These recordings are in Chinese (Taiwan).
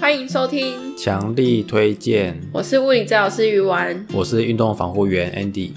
歡迎收聽，強力推薦。我是物理治療師魚丸，我是運動防護員 Andy。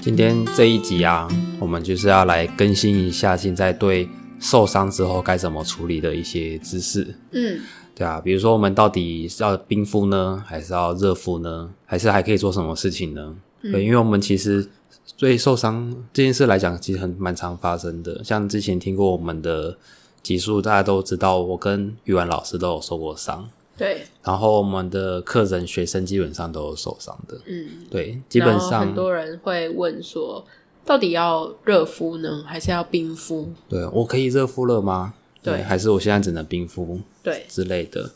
今天這一集啊，我們就是要來更新一下現在對受傷之後該怎麼處理的一些知識。嗯，對啊，比如說我們到底是要冰敷呢，還是要熱敷呢？還是還可以做什麼事情呢？嗯、對，因為我們其實。所以受傷這件事來講，其實很蠻常發生的。像之前聽過我們的集數，大家都知道，我跟魚丸老師都有受過傷。對。然後我們的客人、學生基本上都有受傷的。嗯。對，基本上。很多人會問說，到底要熱敷呢，還是要冰敷？對，我可以熱敷了嗎？對，對，還是我現在只能冰敷？對，之類的。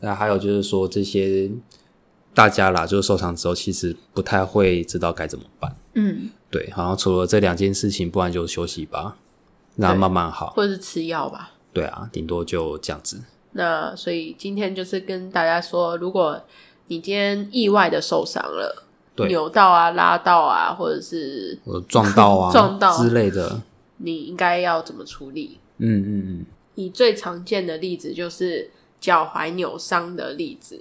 那對還有就是說這些。大家啦，就是受傷之後，其實不太會知道該怎麼辦。嗯，對。然後除了這兩件事情，不然就休息吧，然後慢慢好，或者是吃藥吧。對啊，頂多就這樣子。那所以今天就是跟大家說，如果你今天意外的受傷了，對扭到啊、拉到啊，或者是撞到啊、撞到、啊、之類的，你應該要怎麼處理？嗯嗯嗯。你最常見的例子，就是腳踝扭傷的例子。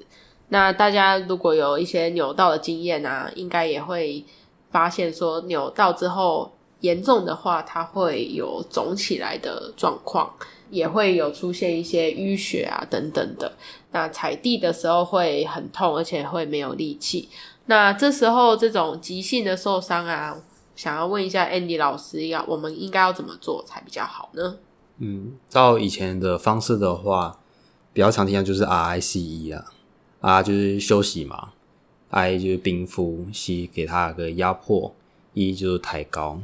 那大家如果有一些扭到的經驗啊，應該也會發現說，扭到之後嚴重的話，它會有腫起來的狀況，也會有出現一些淤血啊等等的。那踩地的時候會很痛，而且會沒有力氣。那這時候這種急性的受傷啊，想要問一下 Andy 老師，要我們應該要怎麼做才比較好呢？嗯，照以前的方式的話，比較常聽的就是 RICE 啊。啊，就是休息嘛，I、啊、就是冰敷，C 給他一個壓迫，E 就是抬高。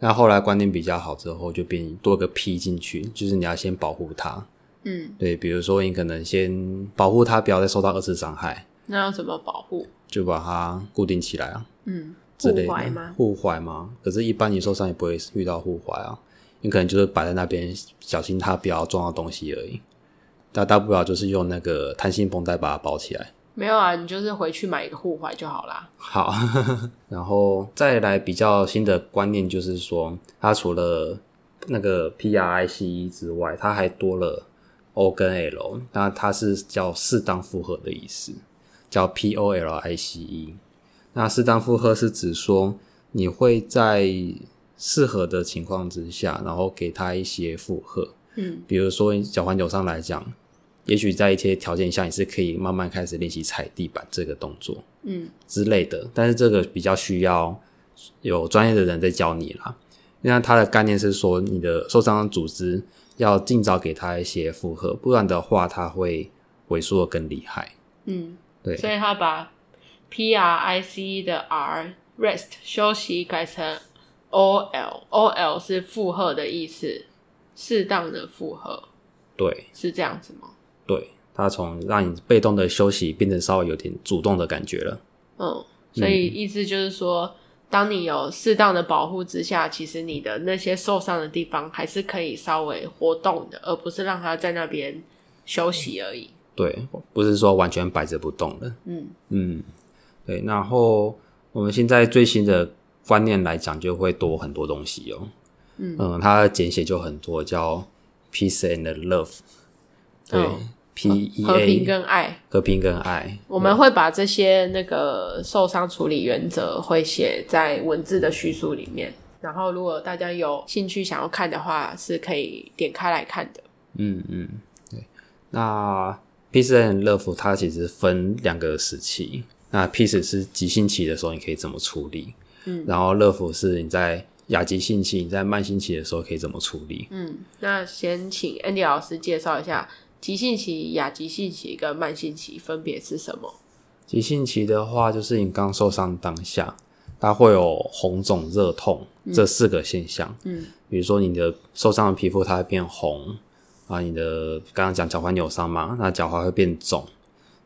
那後來觀念比較好之後，就變多個 P 進去，就是你要先保護他。嗯，對，比如說你可能先保護他，不要再受到二次傷害。那要怎麼保護？就把它固定起來啊。嗯，護踝嗎？護踝嗎？可是，一般你受傷也不會遇到護踝啊，你可能就是擺在那邊，小心他不要撞到東西而已。大大不了就是用那個彈性繃帶把它包起來。沒有啊，你就是回去買一個護踝就好啦。好呵呵，然後再來比較新的觀念，就是說它除了那個 P R I C E 之外，它還多了 O 跟 L。那它是叫適當負荷的意思，叫 P O L I C E。那適當負荷是指說你會在適合的情況之下，然後給他一些負荷。嗯，比如說腳踝扭傷來講。也許在一些條件下，你是可以慢慢開始練習踩地板這個動作，嗯之類的。但是這個比較需要有專業的人在教你啦。那他的概念是說，你的受傷組織要儘早給他一些負荷，不然的話，他會萎縮得更厲害。嗯，對。所以他把 P R I C E 的 R rest 休息改成 O L O L 是負荷的意思，適當的負荷。對，是這樣子嗎？對，它從讓你被動的休息變成稍微有點主動的感覺了。嗯，所以意思就是說，當你有適當的保護之下，其實你的那些受傷的地方還是可以稍微活動的，而不是讓它在那邊休息而已。對，不是說完全擺着不動的。嗯嗯，對。然後我們現在最新的觀念來講，就會多很多東西哦。嗯嗯，它的簡寫就很多，叫 Peace and Love。對嗯，P E A 和平跟愛，和平跟愛，我們會把這些那個受傷處理原則會寫在文字的敘述裡面。嗯、然後，如果大家有興趣想要看的話，是可以點開來看的。嗯嗯，對。那 Peace and 樂福它其實分兩個時期，那 Peace 是急性期的時候，你可以怎麼處理？嗯，然後樂福是你在亞急性期，你在慢性期的時候可以怎麼處理？嗯，那先請 Andy 老師介紹一下。急性期、亞急性期跟慢性期分別是什麼？急性期的話，就是你剛受傷當下，它會有紅腫熱痛，嗯，這四個現象。嗯，比如說你的受傷的皮膚它會變紅，啊，你的剛剛講腳踝扭傷嘛，那腳踝會變腫，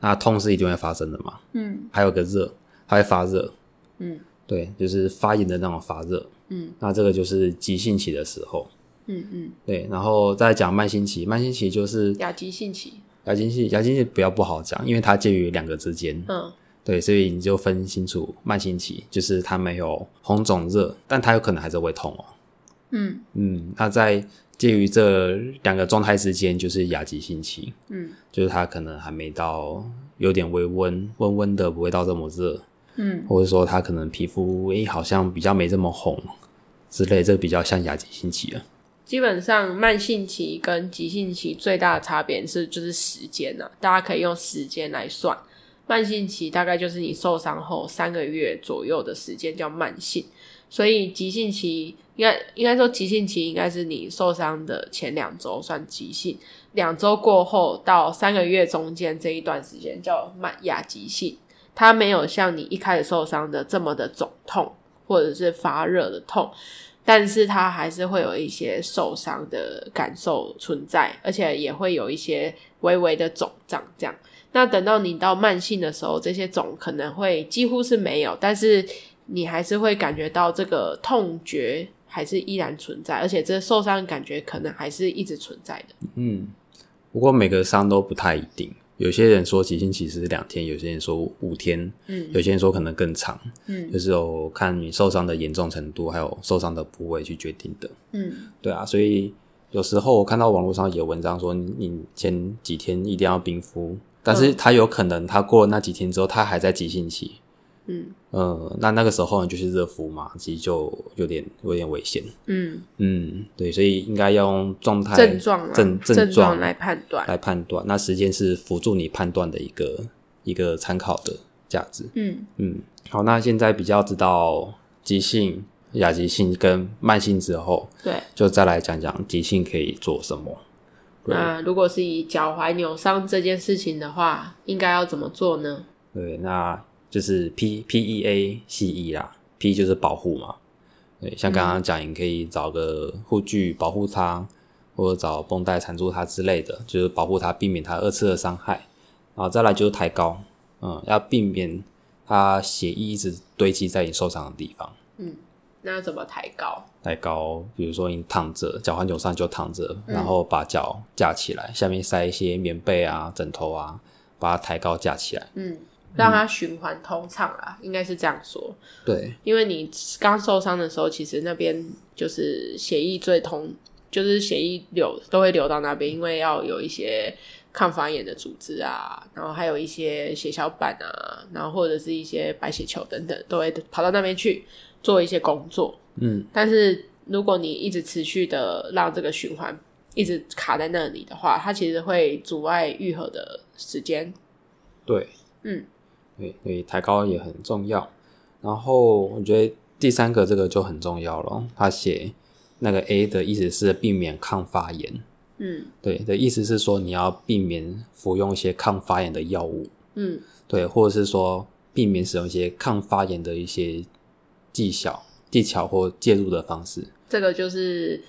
那痛是一定會發生的嘛。嗯，還有個熱，它會發熱。嗯，對，就是發炎的那種發熱。嗯，那這個就是急性期的時候。嗯嗯，對，然後再講慢性期，慢性期就是亞急性期。亞急性期，亞急性比較不好講，因為它介於兩個之間。嗯，對，所以你就分清楚慢性期，就是它沒有紅腫熱，但它有可能還是會痛哦。嗯嗯，那在介於這兩個狀態之間，就是亞急性期。嗯，就是它可能還沒到有點微溫溫溫的，不會到這麼熱。嗯，或者說它可能皮膚誒好像比較沒這麼紅之類，這比較像亞急性期了。基本上，慢性期跟急性期最大的差別是就是時間吶、啊，大家可以用時間來算。慢性期大概就是你受傷後三個月左右的時間叫慢性，所以急性期應該應該說，急性期應該是你受傷的前兩周算急性，兩周過後到三個月中間這一段時間叫慢亞急性，它沒有像你一開始受傷的這麼的腫痛或者是發熱的痛。但是它還是會有一些受傷的感受存在，而且也會有一些微微的腫脹。這樣，那等到你到慢性的時候，這些腫可能會幾乎是沒有，但是你還是會感覺到這個痛覺還是依然存在，而且這受傷的感覺可能還是一直存在的。嗯，不過每個傷都不太一定。有些人說急性期是兩天，有些人說五天，嗯，有些人說可能更長，嗯，就是有看你受傷的嚴重程度，還有受傷的部位去決定的，嗯，對啊，所以有時候我看到網絡上有文章說你前幾天一定要冰敷，但是他有可能他過了那幾天之後他還在急性期。嗯呃、嗯，那那個時候呢就是熱敷嘛，其實就有點有點危險。嗯嗯，對，所以應該用狀態症狀症狀來判斷來判斷，那時間是輔助你判斷的一個一個參考的價值。嗯嗯，好，那現在比較知道急性亞急性跟慢性之後，對，就再來講講急性可以做什麼。那如果是以腳踝扭傷這件事情的話，應該要怎麼做呢？對，那。就是 P P E A C E 啦，P 就是保護嘛，對，像剛剛講，你可以找個護具保護它，嗯、或者找繃帶纏住它之類的，就是保護它，避免它二次的傷害。然後再來就是抬高，嗯，要避免它血液一直堆積在你受傷的地方。嗯，那要怎麼抬高？抬高，比如說你躺着，腳踝扭傷就躺着，然後把腳架起來，嗯、下面塞一些棉被啊、枕頭啊，把它抬高架起來。嗯。讓它循環通暢啊，嗯，應該是這樣說。對，因為你剛受傷的時候，其實那邊就是血液最通，就是血液流都會流到那邊，因為要有一些抗發炎的組織啊，然後還有一些血小板啊，然後或者是一些白血球等等，都會跑到那邊去做一些工作。嗯，但是如果你一直持續的讓這個循環一直卡在那裡的話，它其實會阻礙癒合的時間。對，嗯。對，對，抬高也很重要。然後我覺得第三個這個就很重要了。他寫那個 A 的意思是避免抗發炎。嗯，對，的意思是說你要避免服用一些抗發炎的藥物。嗯，對，或者是說避免使用一些抗發炎的一些技巧、技巧或介入的方式。這個就是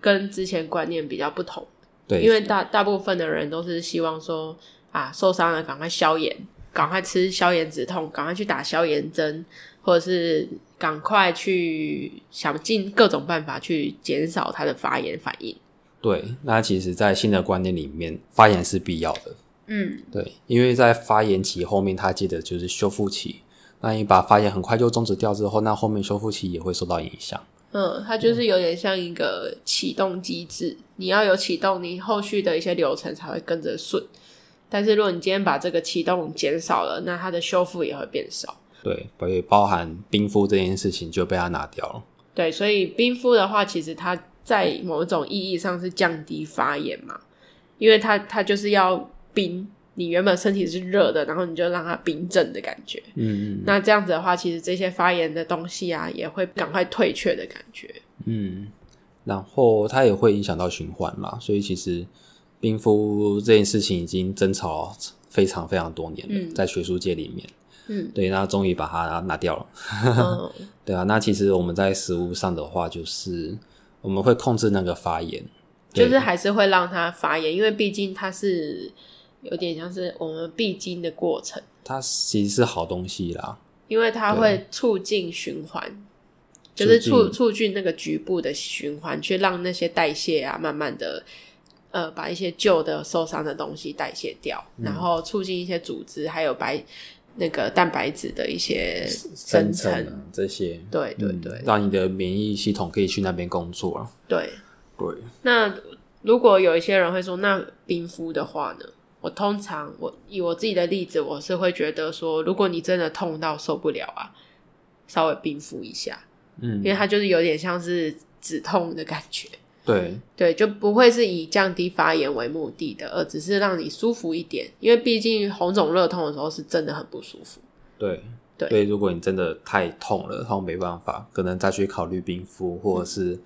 跟之前觀念比較不同。對，因為大大部分的人都是希望說啊，受傷了趕快消炎。趕快吃消炎止痛，趕快去打消炎針，或者是趕快去想盡各種辦法去減少它的發炎反應。對，那其實，在新的觀念裡面，發炎是必要的。嗯，對，因為在發炎期後面，它接著就是修復期。那你把發炎很快就終止掉之後，那後面修復期也會受到影響。嗯，它就是有點像一個啟動機制，嗯、你要有啟動，你後續的一些流程才會跟着順。但是如果你今天把這個啟動減少了，那它的修復也會變少。對，所以包含冰敷這件事情就被它拿掉了。對，所以冰敷的話，其實它在某種意義上是降低發炎嘛，因為它它就是要冰，你原本身體是熱的，然後你就讓它冰鎮的感覺。嗯嗯。那這樣子的話，其實這些發炎的東西啊，也會趕快退卻的感覺。嗯。然後它也會影響到循環嘛，所以其實。冰敷這件事情已經爭吵非常非常多年了，嗯、在學術界裡面，嗯，對，那終於把它拿，拿掉了， 哦、對啊。那其實我們在食物上的話，就是我們會控制那個發炎，就是還是會讓它發炎，對因為畢竟它是有點像是我們必經的過程。它其實是好東西啦，因為它會促進循環，對就是促促進進那個局部的循環，去讓那些代謝啊慢慢的。呃，把一些舊的受傷的東西代謝掉，嗯，然後促進一些組織還有白那個蛋白質的一些生成，生成啊，這些，對、嗯，對對對，讓你的免疫系統可以去那邊工作啊。對對，對，那如果有一些人會說，那冰敷的話呢？我通常我以我自己的例子，我是會覺得說，如果你真的痛到受不了啊，稍微冰敷一下，嗯，因為它就是有點像是止痛的感覺。對對，就不會是以降低發炎為目的的，而只是讓你舒服一點。因為畢竟紅腫熱痛的時候是真的很不舒服。對對，對所以如果你真的太痛了，那沒辦法，可能再去考慮冰敷，或者是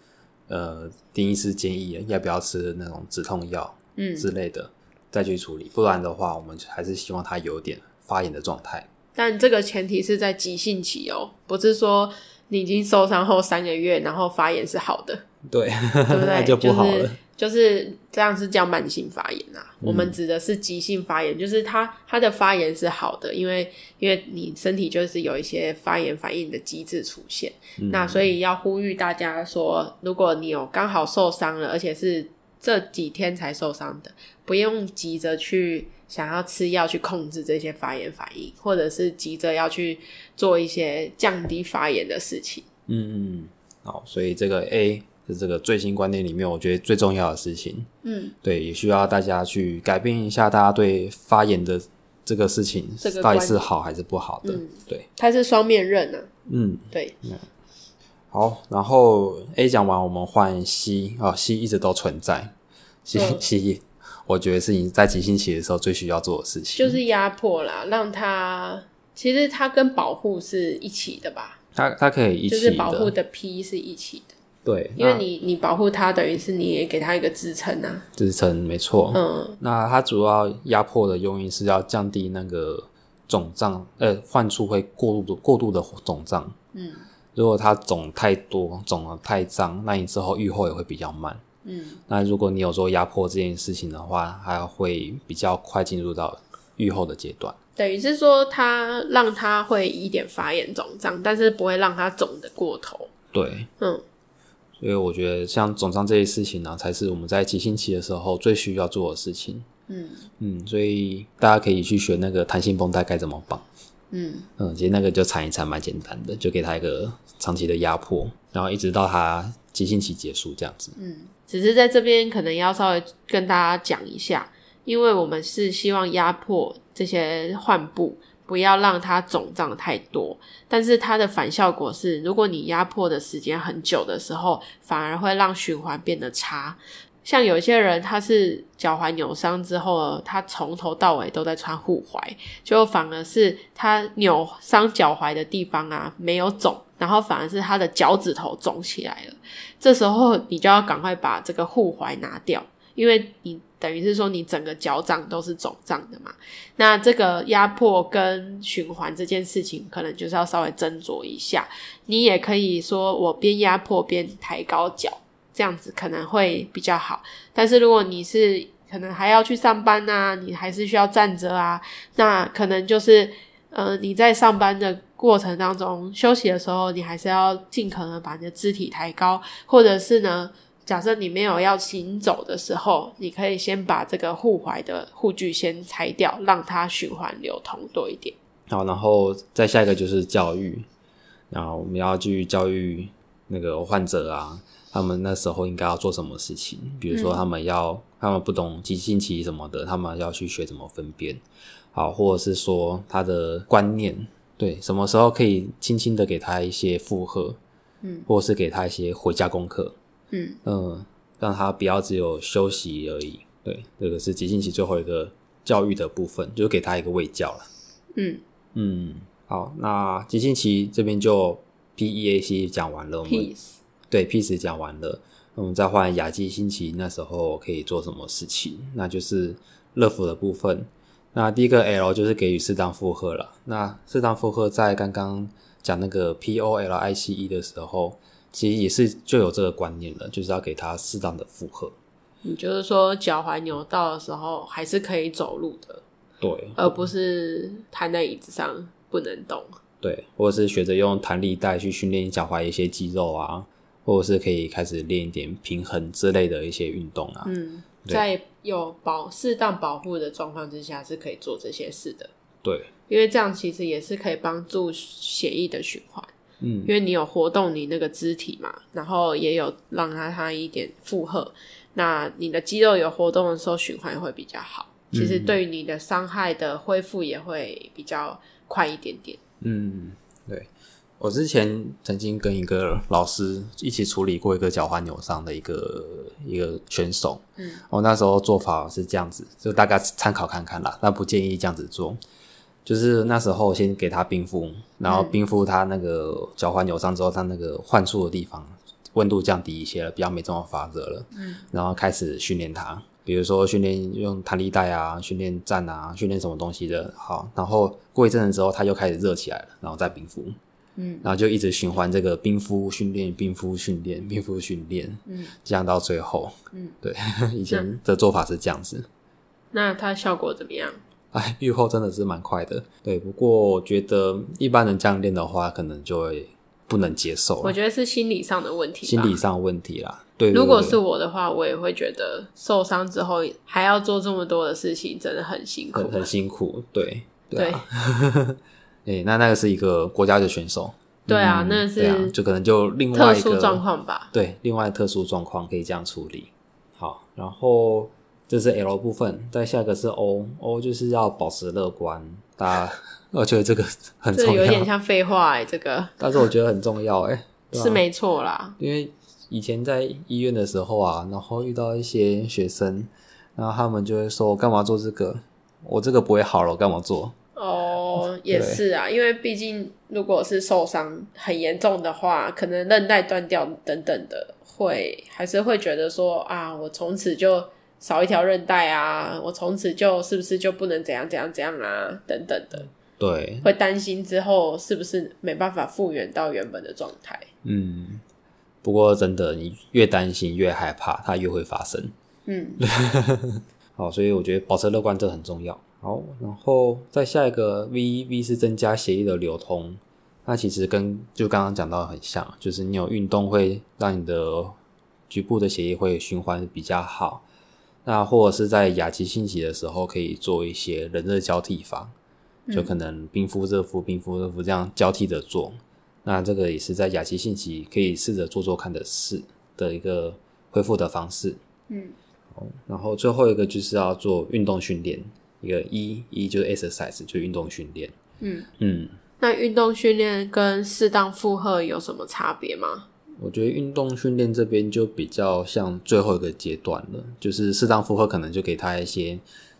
呃，治療師建議要不要吃那種止痛藥，嗯，之類的、嗯、再去處理。不然的話，我們還是希望它有點發炎的狀態。但這個前提是在急性期哦，不是說。你已經受傷後三個月，然後發炎是好的，對，那 就不好了，就是。就是這樣是叫慢性發炎啊，嗯、我們指的是急性發炎，就是它它的發炎是好的，因為因為你身體就是有一些發炎反應的機制出現，嗯、那所以要呼籲大家說，如果你有剛好受傷了，而且是這幾天才受傷的，不用急着去。想要吃藥去控制這些發炎反應，或者是急着要去做一些降低發炎的事情。嗯嗯，好，所以這個 A 是這個最新觀念裡面我覺得最重要的事情。嗯，對，也需要大家去改變一下大家對發炎的這個事情到底是好還是不好的。對，它是雙面刃。啊，嗯，對。好，然後 A 講完，我們換 C 啊、哦、，C 一直都存在、哦、，C C。我覺得是你在急性期的時候最需要做的事情，就是壓迫啦，讓它其實它跟保護是一起的吧。它它可以一起的，就是保護的 P 是一起的。對，因為你你保護它，等於是你也給它一個支撐啊。支撐沒錯。嗯。那它主要壓迫的用意是要降低那個腫脹，呃，患處會過度過度的腫脹。嗯。如果它腫太多，腫得太脹，那你之後癒後也會比較慢。嗯，那如果你有做壓迫這件事情的話，它會比較快進入到愈後的階段。等於是說，它讓它會一點發炎腫脹，但是不會讓它腫得過頭。對，嗯，所以我覺得像腫脹這些事情呢、啊，才是我們在急性期的時候最需要做的事情。嗯嗯，所以大家可以去學那個彈性繃帶該怎麼綁。嗯嗯，其實那個就纏一纏蠻簡單的，就給他一個長期的壓迫，然後一直到他急性期結束這樣子。嗯，只是在這邊可能要稍微跟大家講一下，因為我們是希望壓迫這些患部，不要讓它腫脹太多。但是它的反效果是，如果你壓迫的時間很久的時候，反而會讓循環變得差。像有些人他是腳踝扭傷之後他從頭到尾都在穿護踝，就反而是他扭傷腳踝的地方啊沒有腫，然後反而是他的腳趾頭腫起來了。這時候你就要趕快把這個護踝拿掉，因為你等於是說你整個腳掌都是腫脹的嘛。那這個壓迫跟循環這件事情，可能就是要稍微斟酌一下。你也可以說我邊壓迫邊抬高腳。這樣子可能會比較好，但是如果你是可能還要去上班啊，你還是需要站着啊，那可能就是呃，你在上班的過程當中休息的時候，你還是要盡可能把你的肢體抬高，或者是呢，假設你沒有要行走的時候，你可以先把這個護踝的護具先拆掉，讓它循環流通多一點。好，然後再下一個就是教育，然後我們要去教育那個患者啊。他們那時候應該要做什麼事情？比如說，他們要、嗯、他們不懂急性期什麼的，他們要去學怎麼分辨，好，或者是說他的觀念，對，什麼時候可以輕輕的給他一些負荷，嗯，或者是給他一些回家功課，嗯，嗯，讓他不要只有休息而已。對，這個是急性期最後一個教育的部分，就給他一個衛教了。嗯嗯，好，那急性期這邊就 P E A C 講完了。Peace. 對 PEACE 講完了，那我們再換亞急性期那時候可以做什麼事情？那就是 LOVE 的部分。那第一個 L 就是給予適當負荷了。那適當負荷在剛剛講那個 P O L I C E 的時候，其實也是就有這個觀念了，就是要給它適當的負荷。你就是說腳踝扭到的時候還是可以走路的，對，而不是癱在椅子上不能動。對，或者是學着用彈力帶去訓練腳踝一些肌肉啊。或者是可以開始練一點平衡之類的一些運動啊。嗯，對在有保適當保護的狀況之下，是可以做這些事的。對，因為這樣其實也是可以幫助血液的循環。嗯，因為你有活動你那個肢體嘛，然後也有讓它它一點負荷，那你的肌肉有活動的時候，循環也會比較好。嗯，其實對於你的傷害的恢復也會比較快一點點。嗯，對。我之前曾經跟一個老師一起處理過一個腳踝扭傷的一個一個選手，嗯，我那時候做法是這樣子，就大概參考看看啦，但不建議這樣子做。就是那時候先給他冰敷，然後冰敷他那個腳踝扭傷之後、嗯、他那個患處的地方，溫度降低一些了，比較沒這麼發熱了，嗯，然後開始訓練他，比如說訓練用彈力帶啊，訓練站啊，訓練什麼東西的，好，然後過一陣子之後，他又開始熱起來了，然後再冰敷。嗯，然後就一直循環這個冰敷訓練、冰敷訓練、冰敷訓練，嗯，這樣到最後，嗯，對，以前的做法是這樣子。那，那它效果怎麼樣？哎，愈後真的是蠻快的。對，不過我覺得一般人這樣練的話，可能就會不能接受。我覺得是心理上的問題，心理上的問題啦。對，對，對，如果是我的話，我也會覺得受傷之後還要做這麼多的事情，真的很辛苦很，很辛苦。對，對啊。對 哎、欸，那那個是一個國家的選手，嗯、對啊，那個、是這樣、啊，就可能就另外一個特殊狀況吧，對，另外特殊狀況可以這樣處理。好，然後這是 L 部分，再下一個是 O，O 就是要保持樂觀，大、啊、家， 我覺得這個很重要，這有點像廢話誒、欸、這個， 但是我覺得很重要誒、欸啊、是沒錯啦，因為以前在醫院的時候啊，然後遇到一些學生，然後他們就會說，我幹嘛做這個？我這個不會好了，我幹嘛做？哦，oh, 也是啊，對因為畢竟如果是受傷很嚴重的話，可能韌帶斷掉等等的，會還是會覺得說啊，我從此就少一條韌帶啊，我從此就是不是就不能怎樣怎樣怎樣啊，等等的。對，會擔心之後是不是沒辦法復原到原本的狀態。嗯，不過真的，你越擔心越害怕，它越會發生。嗯， 好，所以我覺得保持樂觀這很重要。好，然後再下一個 V、V 是增加血液的流通，那其實跟就剛剛講到很像，就是你有運動會讓你的局部的血液會循環比較好，那或者是在亞急性期的時候可以做一些冷熱交替法，嗯、就可能冰敷熱敷冰敷熱敷這樣交替的做，那這個也是在亞急性期可以試着做做看的事的一個恢復的方式。嗯，然後最後一個就是要做運動訓練。一個 E、E, E、E、就是 exercise，就是運動訓練。嗯嗯，嗯，那運動訓練跟適當負荷有什麼差別嗎？我覺得運動訓練這邊就比較像最後一個階段了，就是適當負荷可能就給他一些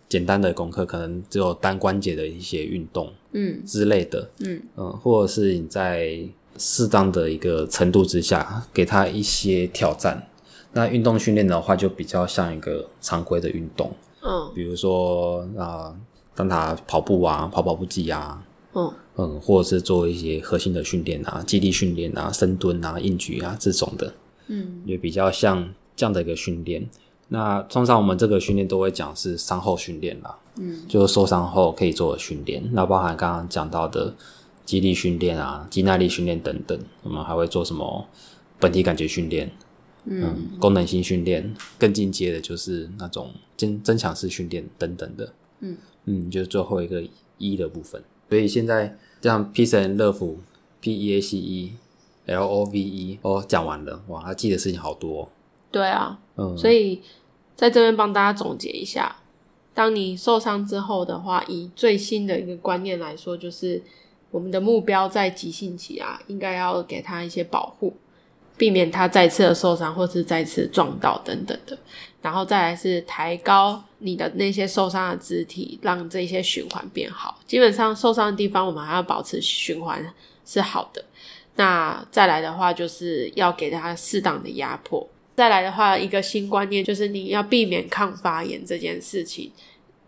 簡單的功課，可能只有單關節的一些運動，嗯，之類的，嗯嗯，嗯，或者是你在適當的一個程度之下給他一些挑戰。那運動訓練的話，就比較像一個常規的運動。嗯，比如說啊，當、呃、他跑步啊，跑跑步機啊，哦、嗯或者是做一些核心的訓練啊，肌力訓練啊，深蹲啊，硬舉啊這種的，嗯，也比較像這樣的一個訓練。那通常我們這個訓練都會講是傷後訓練啦、啊，嗯，就受傷後可以做的訓練。那包含剛剛講到的肌力訓練啊，肌耐力訓練等等，我們還會做什麼本體感覺訓練？嗯，功能性訓練更進階的就是那種增增強式訓練等等的。嗯嗯，就是最後一個 E 的部分。所以現在像 peace and love，P E A C E L O V E 哦，講完了哇，他記得事情好多哦。對啊，嗯，所以在這邊幫大家總結一下：當你受傷之後的話，以最新的一個觀念來說，就是我們的目標在急性期啊，應該要給他一些保護。避免他再次的受傷，或是再次撞到等等的，然後再來是抬高你的那些受傷的肢體，讓這些循環變好。基本上受傷的地方，我們還要保持循環是好的。那再來的話，就是要給他適當的壓迫。再來的話，一個新觀念就是你要避免抗發炎這件事情，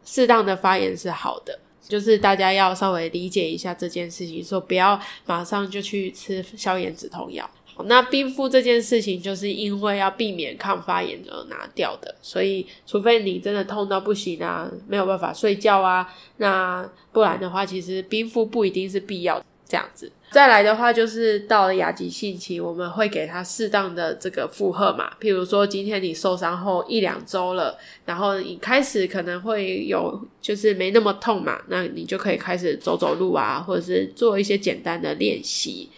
適當的發炎是好的，就是大家要稍微理解一下這件事情，說不要馬上就去吃消炎止痛藥。那冰敷這件事情，就是因為要避免抗發炎而拿掉的，所以除非你真的痛到不行啊，沒有辦法睡覺啊，那不然的話，其實冰敷不一定是必要這樣子。再來的話，就是到了亞急性期，我們會給它適當的這個負荷嘛，譬如說今天你受傷後一兩週了，然後你開始可能會有就是沒那麼痛嘛，那你就可以開始走走路啊，或者是做一些簡單的練習。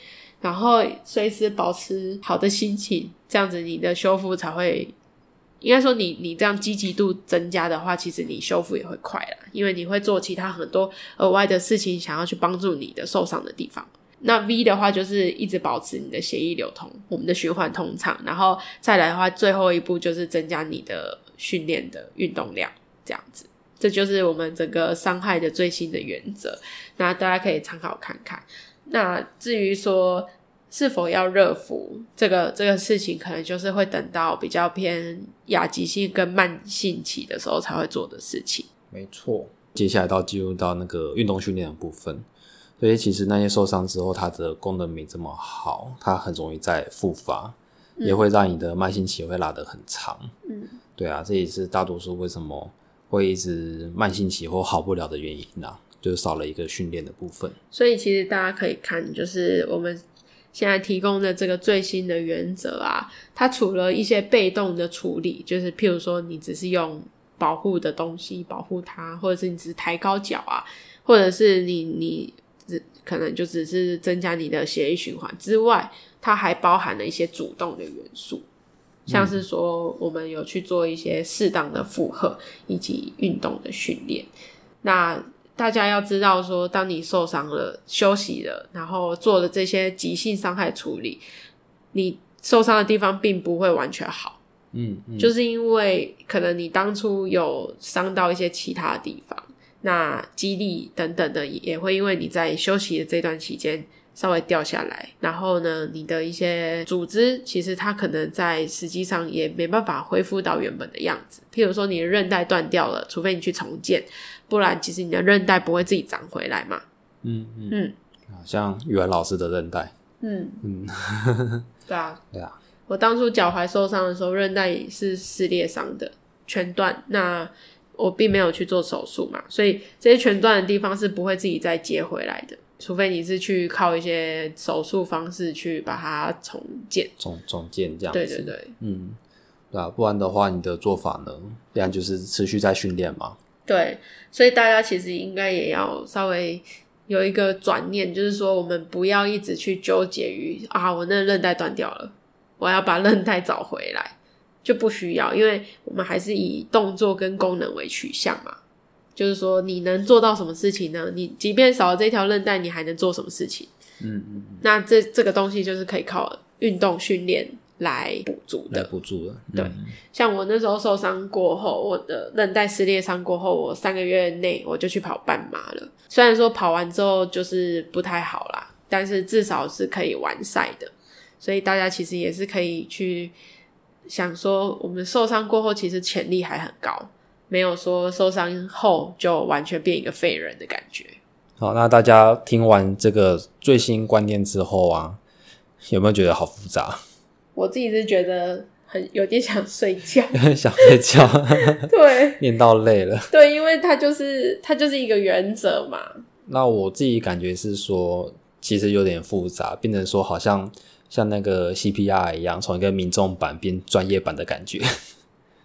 然後隨時保持好的心情，這樣子你的修復才會，應該說你你這樣積極度增加的話，其實你修復也會快了，因為你會做其他很多額外的事情，想要去幫助你的受傷的地方。那 V 的話就是一直保持你的血液流通，我們的循環通暢，然後再來的話，最後一步就是增加你的訓練的運動量，這樣子，這就是我們整個傷害的最新的原則。那大家可以參考看看。那至於說是否要熱敷，這個這個事情，可能就是會等到比較偏亞急性跟慢性期的時候才會做的事情。沒錯，接下來到進入到那個運動訓練的部分，所以其實那些受傷之後，它的功能沒這麼好，它很容易再復發，也會讓你的慢性期會拉得很長。嗯，對啊，這也是大多數為什麼會一直慢性期或好不了的原因啦啊。就少了一個訓練的部分，所以其實大家可以看，就是我們現在提供的這個最新的原則啊，它除了一些被動的處理，就是譬如說你只是用保護的東西保護它，或者是你只是抬高腳啊，或者是你你只可能就只是增加你的血液循環之外，它還包含了一些主動的元素，像是說我們有去做一些適當的負荷以及運動的訓練，那。大家要知道說，說當你受傷了、休息了，然後做了這些急性傷害處理，你受傷的地方並不會完全好。嗯，嗯，就是因為可能你當初有傷到一些其他地方，那肌力等等的也會因為你在休息的這段期間稍微掉下來，然後呢，你的一些組織其實它可能在實際上也沒辦法恢復到原本的樣子。譬如說，你的韌帶斷掉了，除非你去重建。不然，其實你的韌帶不會自己長回來嘛。嗯嗯，嗯，嗯像語文老師的韌帶，嗯嗯，對啊、嗯、 對啊。對啊我當初腳踝受傷的時候，韌帶是撕裂傷的，全斷。那我並沒有去做手術嘛，嗯、所以這些全斷的地方是不會自己再接回來的，除非你是去靠一些手術方式去把它重建、重重建這樣子。對對對，嗯，對啊，不然的話，你的做法呢，不然就是持續在訓練嘛。對，所以大家其實應該也要稍微有一個轉念，就是說，我們不要一直去糾結於啊，我那韌帶斷掉了，我要把韌帶找回來，就不需要，因為我們還是以動作跟功能為取向嘛。就是說，你能做到什麼事情呢？你即便少了這條韌帶，你還能做什麼事情？嗯，嗯嗯，那這這個東西就是可以靠運動訓練。來補助的，來補助的，對。像我那時候受傷過後，我的韌帶撕裂傷過後，我三個月內我就去跑半馬了。雖然說跑完之後就是不太好啦，但是至少是可以完賽的。所以大家其實也是可以去想說，我們受傷過後其實潛力還很高，沒有說受傷後就完全變一個廢人的感覺。好，那大家聽完這個最新觀念之後啊，有沒有覺得好複雜？我自己是覺得很有點想睡覺，有點想 睡覺， 對，念到累了，對，因為他就是他就是一個原則嘛。那我自己感覺是說，其實有點複雜，變成說好像像那個 CPR 一樣，從一個民眾版變專業版的感覺，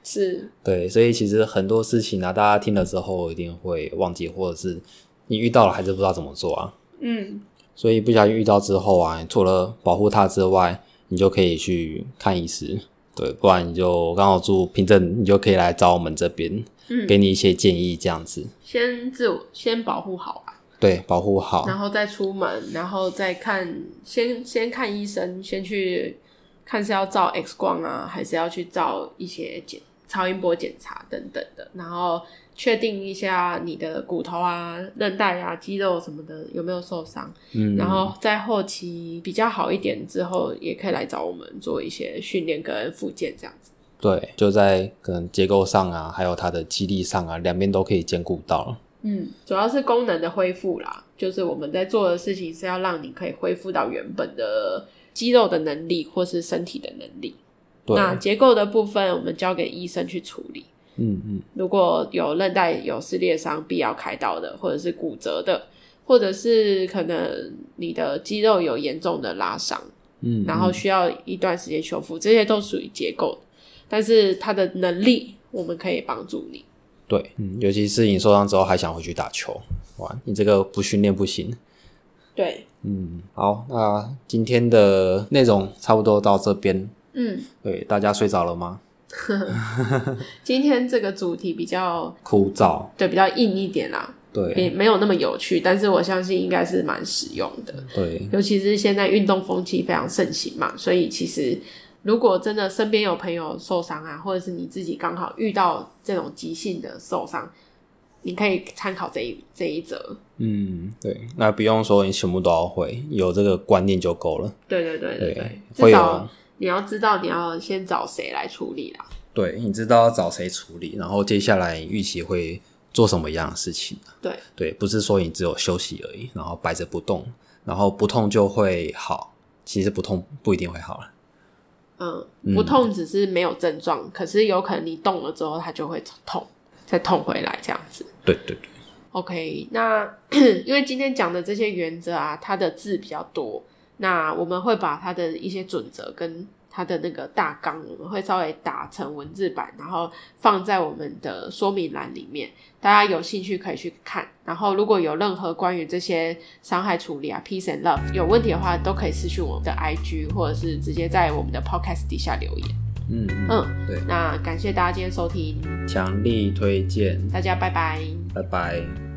是對。所以其實很多事情啊，大家聽了之後一定會忘記，或者是你遇到了還是不知道怎麼做啊。嗯，所以不小心遇到之後啊，除了保護他之外。你就可以去看醫師，對，不然你就剛好住平鎮，你就可以來找我們這邊，嗯，給你一些建議這樣子。先自我先保護好啊，對，保護好，然後再出門，然後再看，先先看醫生，先去看是要照 X 光啊，還是要去照一些檢超音波檢查等等的，然後。確定一下你的骨頭啊、韌帶啊、肌肉什麼的有沒有受傷，嗯，然後在後期比較好一點之後，也可以來找我們做一些訓練跟復健這樣子。對，就在可能結構上啊，還有它的肌力上啊，兩邊都可以兼顧到。嗯，主要是功能的恢復啦，就是我們在做的事情是要讓你可以恢復到原本的肌肉的能力或是身體的能力。對。那結構的部分，我們交給醫生去處理。嗯嗯，如果有韌帶有撕裂傷，必要開刀的，或者是骨折的，或者是可能你的肌肉有嚴重的拉傷，嗯，然後需要一段時間修復，這些都屬於結構的。但是它的能力，我們可以幫助你。對，嗯，尤其是你受傷之後還想回去打球，哇，你這個不訓練不行。對，嗯，好，那今天的內容差不多到這邊。嗯，對，大家睡着了嗎？嗯 今天這個主題比較 枯燥，對，比較硬一點啦，對，沒有那麼有趣。但是我相信應該是蠻實用的，對。尤其是現在運動風氣非常盛行嘛，所以其實如果真的身邊有朋友受傷啊，或者是你自己剛好遇到這種急性的受傷，你可以參考這一這一則。嗯，對。那不用說，你全部都要會，有這個觀念就夠了。對對對對對，對至少會有。你要知道，你要先找誰來處理啦。對，你知道要找誰處理，然後接下來預期會做什麼樣的事情啊？對對，不是說你只有休息而已，然後擺着不動，然後不痛就會好。其實不痛不一定會好了。嗯，不痛只是沒有症狀，嗯、可是有可能你動了之後，它就會痛，再痛回來這樣子。對對對。OK，那 因為今天講的這些原則啊，它的字比較多。那我們會把它的一些準則跟它的那個大綱，我們會稍微打成文字版，然後放在我們的說明欄裡面，大家有興趣可以去看。然後如果有任何關於這些傷害處理啊，peace and love，有問題的話，都可以私訊我們的 IG，或者是直接在我們的 podcast 底下留言。嗯嗯，嗯對。那感謝大家今天收聽，強力推薦，大家拜拜，拜拜。